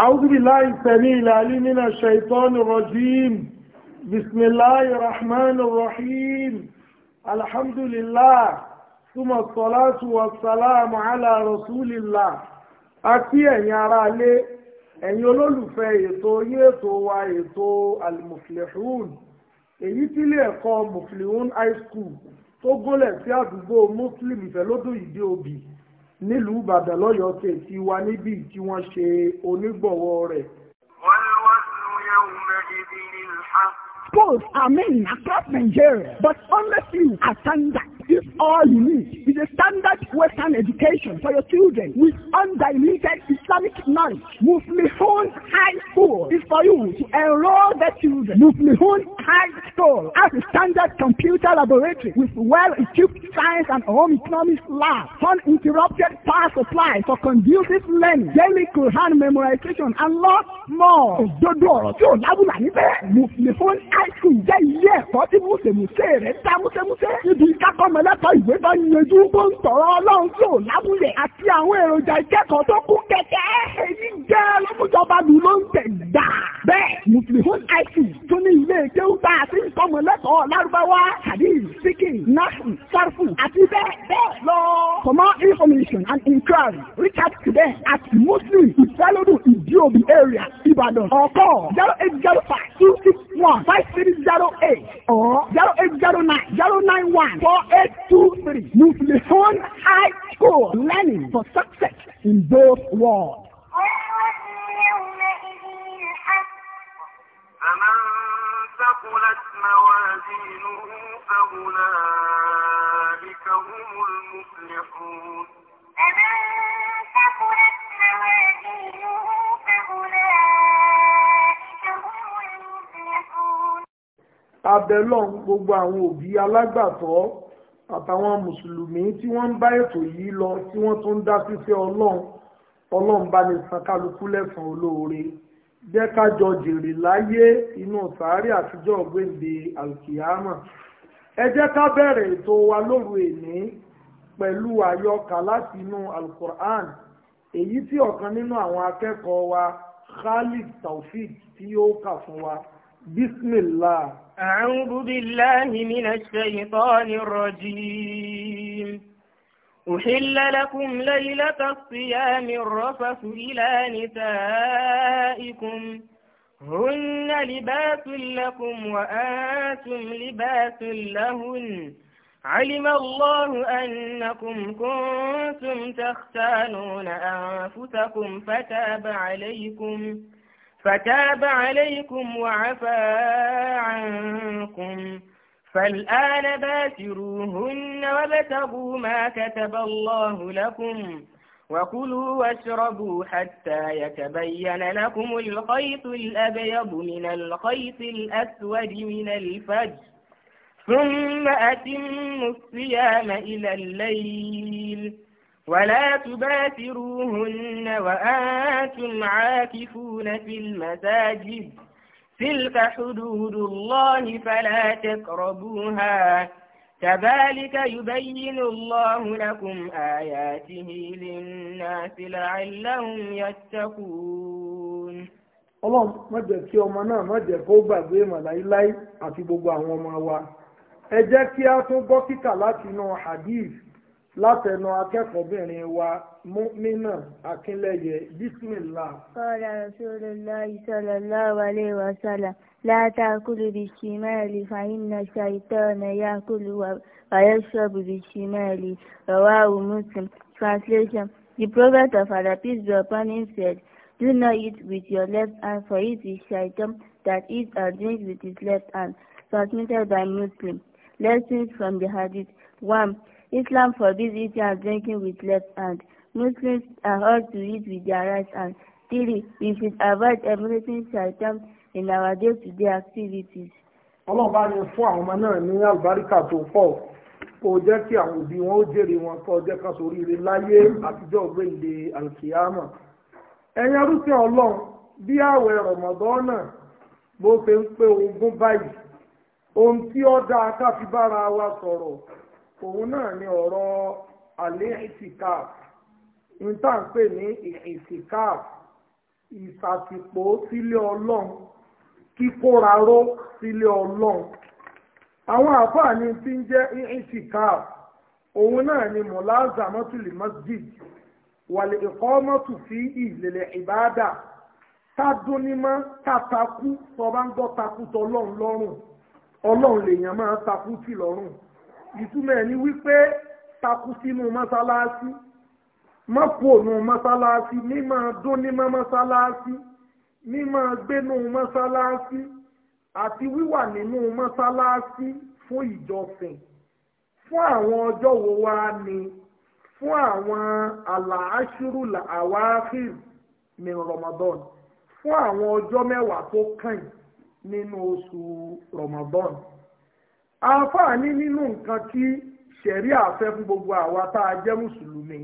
أعوذ بالله السميع العليم من الشيطان الرجيم بسم الله الرحمن الرحيم الحمد لله ثم الصلاة والسلام على رسول الله àti ẹ̀yin ará ilé ẹ̀yin olólùfẹ́ ètò yín ètò wa ètò almuflihun èyí tí ilé ẹ̀kọ́ muflihun high school tó gúnlẹ̀ sí àdúgbò muslim ìfẹ́lódún ìdí òbí nílùú ìbàdàn lọ́yọ̀ọ́ tẹ̀ ti wá níbí tí wọ́n ṣe onígbọ̀wọ́ rẹ̀. Schools are men across Nigeria, but only few are standard. If all you need is a standard Western education for your children with undiluted Islamic knowledge, Muflihun High School is for you to enroll the children. Muflihun High School has a standard computer laboratory with well-equipped science and home economics lab, uninterrupted power supply for conducive learning, daily Quran memorization, and lots more. Òdodo ọ̀rọ̀ tí ò lábùlà níbẹ̀. Muflihun High School jẹ́ ilé ẹ̀kọ́ tí Mùsèmùsè rẹ̀ dá Mùsèmùsè. Ibi ìkákọ́ mọ mọ̀lẹ́ta ìwé bá yanjú tó ń tọ̀rọ̀ ọlọ́run tí ò lábúlẹ̀ àti àwọn èròjà ìkẹ́kọ̀ọ́ tó kún kẹ̀kẹ́ èyí jẹ́ lọ́mújọba lù ló ń tẹ̀ gbà. bẹ́ẹ̀ mùsùlùmí àìsí tó ní ilé ìjẹun tá a ti ń kọ́ mọ̀lẹ́kọ̀ọ́ lárúbáwá hadith sikin nahu sarfu àti bẹ́ẹ̀ bẹ́ẹ̀ lọ. for more information and inquiry reach out to them at muslim ifeolodun idiobi area ibadan or call zero eight zero five two six one five three zero eight or zero eight zero nine zero nine one four eight two three. Muflihun High School. Learning for success in both worlds. فمن ثقلت موازينه فأولئك هم المفلحون فمن ثقلت موازينه فأولئك abẹ́lọ́n gbogbo àwọn òbí alágbàtọ́ àtàwọn mùsùlùmí tí wọ́n ń bá ètò yìí lọ tí wọ́n tún ń dá síṣẹ́ ọlọ́run ọlọ́run bá ní san kálukú lẹ́san olóore jẹ́ ká jọ jèrè láyé inú sàárì àtijọ́ gbèǹde alkiyama ẹ jẹ́ ká bẹ̀rẹ̀ ètò wa lóru èní pẹ̀lú àyọkà láti inú alukur'an èyí tí ọ̀kan nínú àwọn akẹ́kọ̀ọ́ wa khalid taofik tí ó kà fún wa bismillah. أعوذ بالله من الشيطان الرجيم أحل لكم ليلة الصيام الرفث إلى نسائكم هن لباس لكم وأنتم لباس لهن علم الله أنكم كنتم تختانون أنفسكم فتاب عليكم فتاب عليكم وعفى عنكم فالآن باشروهن وابتغوا ما كتب الله لكم وكلوا واشربوا حتى يتبين لكم الخيط الأبيض من الخيط الأسود من الفجر ثم أتموا الصيام إلى الليل ولا تباشروهن وأنتم عاكفون في المساجد تلك حدود الله فلا تقربوها كذلك يبين الله لكم آياته للناس لعلهم يتقون ọlọ́run má jẹ́ kí ọmọ náà má jẹ́ kó gbàgbé màláíláí àti gbogbo àwọn ọmọ wa ẹ jẹ́ kí a tún gbọ́ kíkà láti inú hadith látẹnu akẹ́kọ̀ọ́bìnrin wa mọ́mínà akínlẹ́yẹ bísímìlá. kọ́lá rasulullahi sallallahu alaihi wa sallam la takulu bishimali fa inna shaytana yakulu wa yashrabu bishimali rawahu muslim translation the prophet of allah peace be upon him said do not eat with your left hand for it is shaitan that eats and drinks with his left hand transmitted by muslim lessons from the hadith one. Islam forbids eating and drinking with left hand. Muslims are urged to eat with their right hand. Three, we should avoid emulating shaitan in our day-to-day activities. Ọlọ́run bá ní fún àwọn ọmọ náà ní àlùbáríkà tó pọ̀ kó jẹ́ kí àwọn òbí wọn ó jèrè wọn kó jẹ́ ká sórí ire láyé àtijọ́ ògbéǹde alkiyama. ẹ̀yin arúgbó ọlọ́run bí ààwẹ̀ rọ̀mọ̀dọ́nà bó ṣe ń pé ogún báyìí ohun tí ó dáa ká fi bára wa sọ̀rọ̀ òun náà ni ọ̀rọ̀ alẹ́ ìtìkáf níta ń pè ní ìtìkáf ìsàtìpó sílé ọlọ́run kíkóra ró sílé ọlọ́run àwọn àfààní tí ń jẹ́ ìtìkáf òun náà ni mọ̀láza mọ́tòlì masjid wàlẹ̀ ẹ̀kọ́ mọ́tò fi ìlẹ̀lẹ̀ ìbáàdà ká dúnímọ́ ká takú sọ bá ń gbọ́ takú tọ́ ọlọ́run lọ́rùn ọlọ́run lèèyàn máa takú lọ́rùn. ìtumọ̀ ẹ̀ ni wípé takú sínú mọ́sálásí mọ́pònù mọ́sálásí mímọ́ dúnímọ́ mọ́sálásí mímọ́ gbénú mọ́sálásí àti wíwà nínú mọ́sálásí fún ìjọsìn fún àwọn ọjọ́ wo wá ni fún àwọn àlàáṣírù àwáhìr ní Ramadan fún àwọn ọjọ́ mẹ́wàá tó kàn nínú oṣù Ramadan àǹfààní nínú nǹkan tí ṣẹ̀rí àfẹ́ fún gbogbo àwa tá a jẹ́ mùsùlùmí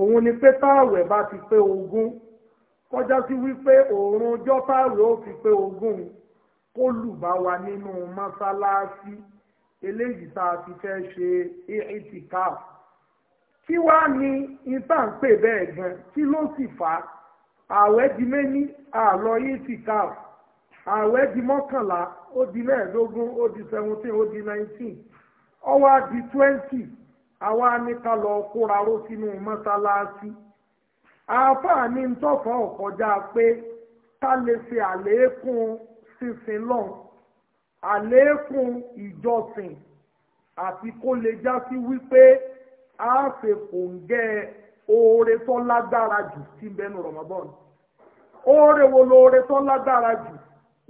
òun ni pé táàwẹ̀ bá ti pé ogún kọjá sí wípé òórùn ọjọ́ táàwẹ̀ ó fi pé ogún kó lù bá wa nínú mọ́sálásí eléyìí tá a ti fẹ́ ṣe itikaf kí wá ní ìtànpè bẹ́ẹ̀ gan kí ló sì fà á àwẹ̀ di méní àlọ́ itikaf ààwẹ̀ di mọ́kànlá ó di mẹ́ẹ̀ẹ́dógún ó di seventeen ó di nineteen ó di twenty àwa ní ká lọ kóra ró sínú mọ́sálásí àáfàá ní tọ́fọ̀ ọ̀kọjá pé ká lè ṣe àlékún sísìn lọ́n àlékún ìjọsìn àti kó lè já sí wípé a ṣe kòǹgẹ́ oore tó lágbára jù tí ń bẹnu rọ̀mọ́bọ́ọ̀nù oore wo lóore tó lágbára jù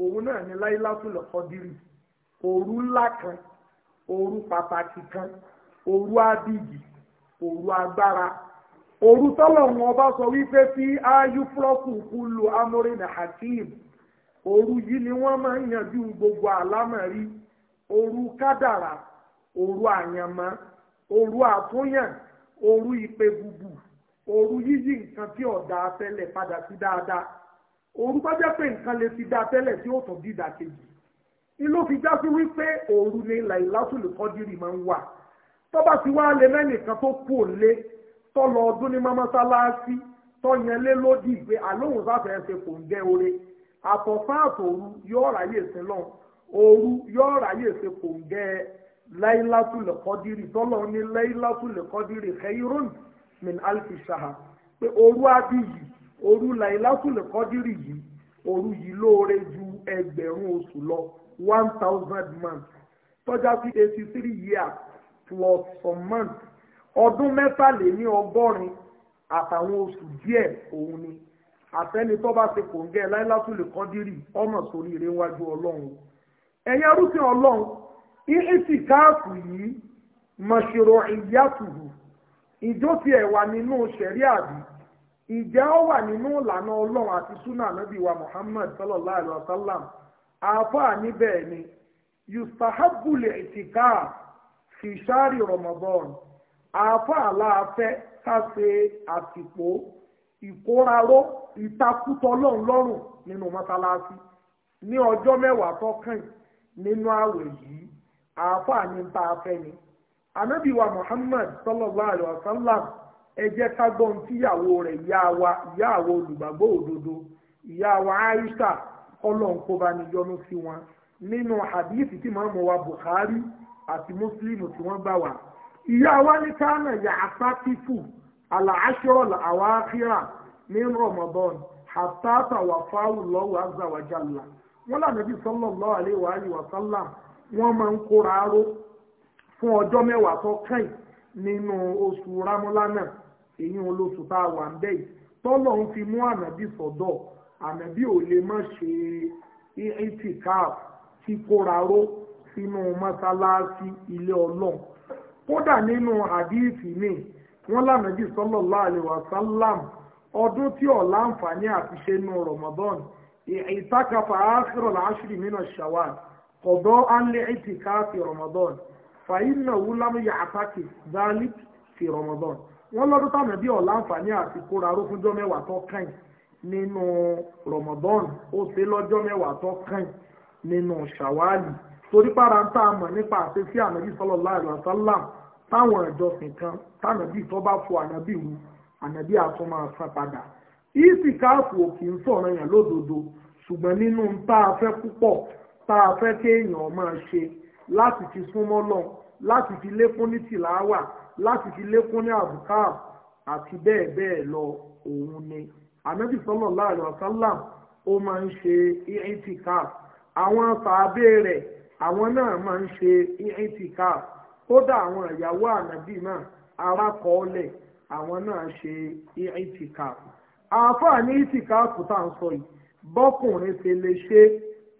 òun náà ni láíláṣùlọ kọdírì òru ńlá kan òru pàtàkì kan òru abíyì òru agbára òru tọ́lọ̀ wọn bá sọ wípé fi áyú fúlọ́kù kú lu amúrin hakeem òru yìí ni wọ́n máa ń yanjú gbogbo àlámọ̀rí òru kádàrà òru àyànmọ́ òru àtúnyàn òru ìpè bùbù òru yíyí nǹkan tí ọ̀dà afẹ́lẹ̀ padà sí dáadáa òru tó jẹ́ pé nǹkan lè fi dá tẹ́lẹ̀ tí ó tọ̀ bí ìdàkejì ni ló fi já sí wípé òru ni làìlátùlù kọ́dírì máa ń wà tó bá ti wá lé lẹ́nìkan tó kú òlé tó lọ ọdún ní mọ́mọ́sálásí tó yẹn lé lódì pé àlóhùn sáfẹ́ ṣe kò ń gẹ́ ore àtọ̀sán àtòru yóò ráyè sí lọ́n òru yóò ráyè ṣe kò ń gẹ́ láìlátùlù kọ́dírì tó lọ ní láìlátùlù kọ́dírì khairun min alfi shahar pé òru abiyì òru làìlátùlẹ̀ kọ́dírì yìí òru yìí lóore ju ẹgbẹ̀rún oṣù lọ one thousand months tọ́já sí eighty three years plus some months ọdún mẹ́tàléní ọgọ́rin àtàwọn oṣù díẹ̀ òun ni àtẹni tó bá ṣe kòǹgẹ́ láìlátùlẹ̀ kọ́dírì ọ̀nà sórí ire wájú ọlọ́run ẹ̀yin arúgbìn ọlọ́run ìhìtì káàkù yìí mọ̀ṣẹ̀rọ̀ ìyàtùhù ìjó tiẹ̀ wà nínú ṣẹ̀rí àbí ìjẹ́ ó wà nínú ìlànà ọlọ́run àti súnà nàbí wa muhammad sallallahu alayhi wa sallam àáfàá níbẹ̀ ni yustahabul itikaf fi ṣáàrì ramadan àáfàá láàfẹ́ àtìpó ìkóraró ìtakùtọ̀ ọlọ́run lọ́rùn nínú mọ́sálásí ní ọjọ́ mẹ́wàá nínú yìí ni ẹ jẹ́ ká gbọ́ ohun tíyàwó rẹ̀ ìyá wa ìyá àwa olùgbàgbọ́ òdodo ìyá wa Aisha ọlọ́run kó bá ní yọ́nú sí wọn nínú hadithi tí màmú wa Bukhari àti Muslim tí wọ́n gbà wá ìyá wa ní kánà yà àfátífù àlàáṣọ́ọ̀lù àwákírà ní Ramadan àtàtà wà fáwù lọ́wọ́ azza wa jalla wọ́n lànàbí sallallahu alaihi wa alihi máa ń kóra aró fún ọjọ́ mẹ́wàá tó kàn nínú oṣù ramúlá náà èyí wọn ló tún tá a wà ń bẹ́ yìí tọ́lọ̀ ń fi mú ànábì sọ́dọ̀ ànábì ò lè má ṣe itikaf tí kóra ró sínú mọ́sálásí ilé ọlọ́run kódà nínú àdíìtì mi wọ́n lànàbì sallallahu alaihi wasallam ọdún tí ó láǹfààní àti ṣe nù Ramadan ìtàkàfà áṣírò láṣírì mìíràn ṣàwàl kọ̀dọ̀ ánlẹ̀ itikaf fi Ramadan fàyínà wúlámù yàtàkì dálí fi Ramadan wọ́n lọ́dún táwọn ẹbí ọ̀la àǹfààní àti kóra ró fúnjọ́ mẹ́wàá tó kàn nínú rọmọdọ́ọ̀nù ó ṣe lọ́jọ́ mẹ́wàá tó kàn nínú ṣàwáàlì torí para ń tà mọ̀ nípa àṣesí ànábì sallallahu alaihi wasallam táwọn ìjọsìn kan tànàbí tó bá fọ ànábì wù ànábì àtún máa san padà ìsì káàfù òkè ń sọ̀rọ̀ yẹn lódodo ṣùgbọ́n nínú tá a fẹ́ púpọ̀ tá a fẹ́ kéèyàn máa ṣe láti fi súnmọ́ lọ láti fi lékún ní tìláwà láti fi lékún ní àbùká àti bẹ́ẹ̀ bẹ́ẹ̀ lọ òun ni ànábì sallallahu alaihi wasallam ó máa ń ṣe i'tikaf àwọn sàábé rẹ̀ àwọn náà máa ń ṣe i'tikaf kódà àwọn ìyàwó ànábì náà arákọọ́lẹ̀ àwọn náà ṣe i'tikaf àáfàá ní i'tikaf tá à ń sọ yìí bọ́kùnrin ṣe lè ṣe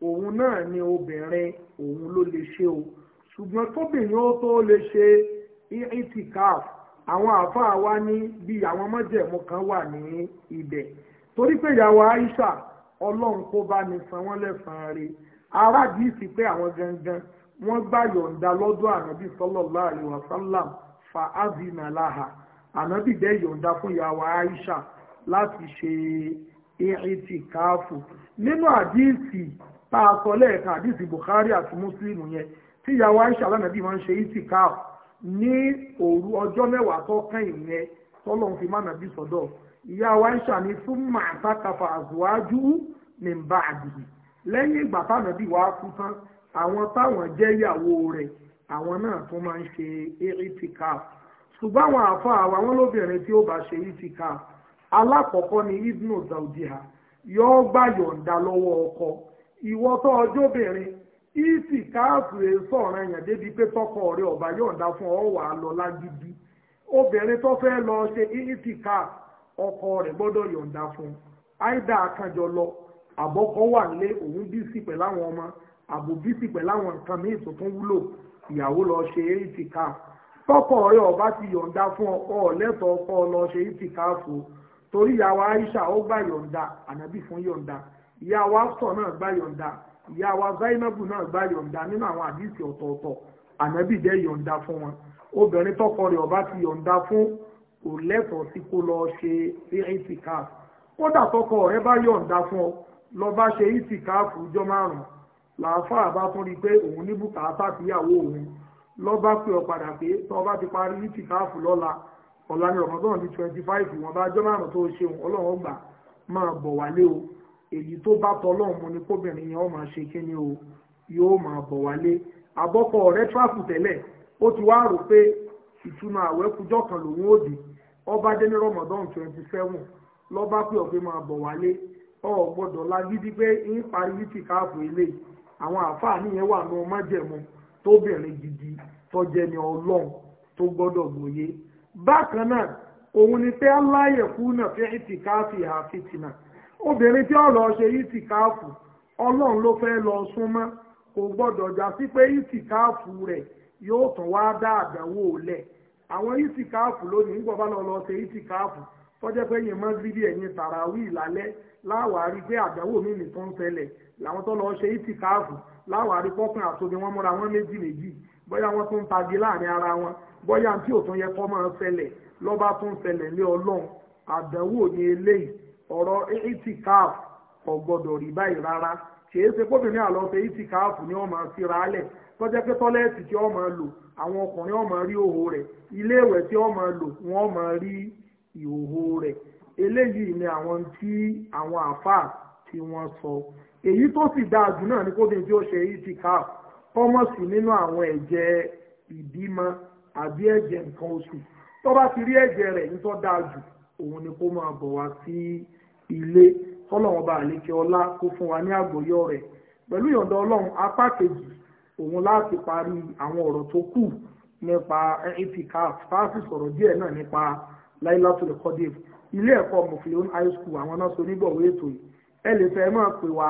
òun náà ni obìnrin òun ló lè ṣe o ṣùgbọ́n tóbìnrin ó tó lè ṣe itikaf àwọn àáfàá wa ní bí àwọn mọ́jẹ̀mú kan wà ní ibẹ̀ torí pé ìyàwó Aisha ọlọ́run kó bá ní san wọ́n lẹ́sàn-án rẹ̀ aráàdì sì pé àwọn gangan wọ́n gbà yọ̀ǹda lọ́dọ̀ ànábì sallallahu alaihi wasallam fa azina laha ànábì dẹ́ yọ̀ǹda fún ìyàwó Aisha láti ṣe ìtìkáàfù nínú àdíìsì tá a sọ lẹ́ẹ̀kan àdíìsì Bukhari àti Muslim yẹn tí ìyàwó Aisha lánàá bí wọ́n ṣe ìtìkáàfù ní òru ọjọ́ mẹ́wàá tó kàn ìyẹn tọ́lọ́hún fi má nàbí sọ́dọ̀ ìyá wa ń ṣàní fún màtá kafa àzùwájú ní bá àdìyí lẹ́yìn ìgbà tánàbí wàá kú tán àwọn táwọn jẹ́ ìyàwó rẹ̀ àwọn náà tún máa ń ṣe itikaf ṣùgbọ́n àwọn àfa àwa wọn lóbìnrin tí ó bá ṣe itikaf alákọ̀ọ́kọ́ ni ibnu zaujiha yóò gbà yọ̀ǹda lọ́wọ́ ọkọ ìwọ tó ọjọ́bìnrin ìsì káàfù rẹ̀ sọ̀rọ̀ débi pé tọkọ ọrịa ọ̀bà yọ̀ǹda fún ọ wà lọ lágídí obìnrin tó fẹ́ lọ ṣe ìsì káàfù ọkọ rẹ̀ gbọ́dọ̀ yọ̀ǹda fún áìdá àkànjọ lọ àbọ̀kọ́ wà lé òun bísí pẹ̀lú àwọn ọmọ àbò pẹ̀lú àwọn nǹkan míì tó tọkọ ọba ti yọ̀ǹda fún ọkọ lẹ́tọ̀ọ́ lọ ṣe torí ìyàwó Aisha ó gbà yọ̀ǹda fún yọ̀ǹda ìyàwó náà gbà yọ̀ǹda ìyá wa Zainabu náà gba yọ̀ǹda nínú àwọn àdìsí ọ̀tọ̀ọ̀tọ̀ ànábì dẹ́ yọ̀ǹda fún wọn obìnrin tọkọ rẹ̀ ọba ti yọ̀ǹda fún kò lẹ́tọ̀ọ́ sí kó lọ ṣe itikaf kódà tọkọ rẹ̀ bá yọ̀ǹda fún ọ lọ bá ṣe itikaf ọjọ́ márùn-ún làáfàá bá tún rí i pé òun ní bùkátà síyàwó òun lọ bá pè ọ padà pé tọ́ bá ti parí itikaf lọ́la ọ̀la ni Ramadan twenty five wọn bá ọjọ́ márùn-ún tó ṣeun ọlọ́run gbà máa bọ̀ wálé o èyí tó bá tọlọ́run mu ni kóbìnrin yẹn ọ máa ṣe kí ni o yóò máa bọ̀ wálé abọ́kọ ọ̀rẹ́ tíráàpù tẹ́lẹ̀ ó ti wá rò pé ìtúnu àwẹ̀ kan lòun ó ọba dé ní ramadan twenty seven lọ́ba pé ọ̀fẹ́ bọ̀ wálé ọ gbọ́dọ̀ lágídí pé ń parí àwọn nìyẹn wà ní ọmọdéẹmọ tó gbọ́dọ̀ gbòye bákan náà òun ni pé obìnrin tí ọ̀rọ̀ ṣe ìtìkáàfù ọlọ́run ló fẹ́ lọ súnmọ́ kò gbọ́dọ̀ já sí pé ìtìkáàfù rẹ̀ yóò tàn wá dá àdánwò lẹ̀ àwọn ìtìkáàfù lónìí nígbà bá lọ ṣe ìtìkáàfù tọ́jẹ́ pé yẹn mọ́ bíbí ẹ̀yìn tàràwí ìlálẹ́ láwàárí pé àdánwò mi nìkan ṣẹlẹ̀ làwọn tó lọ ṣe ìtìkáàfù láwàárí pọ́kàn àtòbí wọn múra wọn méjì méjì bóyá wọn tún ń tagi láàrin ara wọn bóyá tí òtún yẹ kọ́ máa ṣẹlẹ̀ lọ́ba tún ṣẹlẹ̀ lé ọlọ́run àdánwò ni eléyìí ọ̀rọ̀ itikaf kò gbọ́dọ̀ rí báyìí rárá kìí ṣe kóbìnrin àlọ́ ṣe itikaf ni wọ́n máa fira alẹ̀ tọ́jẹ́ pé tọ́lẹ́ẹ̀tì tí wọ́n máa lò àwọn ọkùnrin wọ́n rí òhò rẹ̀ ilé ìwẹ̀ tí wọ́n lò wọ́n máa rí ìhòhò rẹ̀ eléyìí ni àwọn tí àwọn àfáà tí wọ́n sọ èyí tó sì dáa jù náà ni kóbìnrin tí ó ṣe itikaf kọ́mọ̀sì nínú àwọn ẹ̀jẹ̀ ìbímọ àbí ẹ̀jẹ̀ nǹkan oṣù tó bá ti rí ẹ̀jẹ̀ rẹ̀ ń dáa jù òun ni kó máa bọ̀ wá sí ilé tọ́lọ́wọ́n bá àlékè ọlá kó fún wa ní àgbọ́yọ́ rẹ̀ pẹ̀lú ìyọ̀dọ̀ ọlọ́run apá kejì òun láti parí àwọn ọ̀rọ̀ tó kù nípa itikaf fáàsì sọ̀rọ̀ díẹ̀ náà nípa Lailatul Qadr ilé ẹ̀kọ́ mufleon high school àwọn náà sonígbọ̀wé ètò yìí ẹ lè fẹ́ ẹ máa pè wá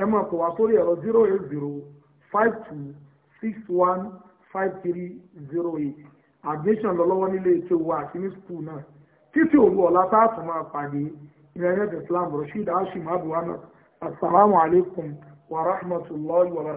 ẹ máa pè wá sórí ẹ̀rọ zero eight zero five two six one five three zero eight admission lọ lọ́wọ́ nílé ètò wa àti ní school náà títí òru ọ̀la táàtù máa pàdé جاهد إسلام رشيد عاشم أبو عمر السلام عليكم ورحمة الله وبركاته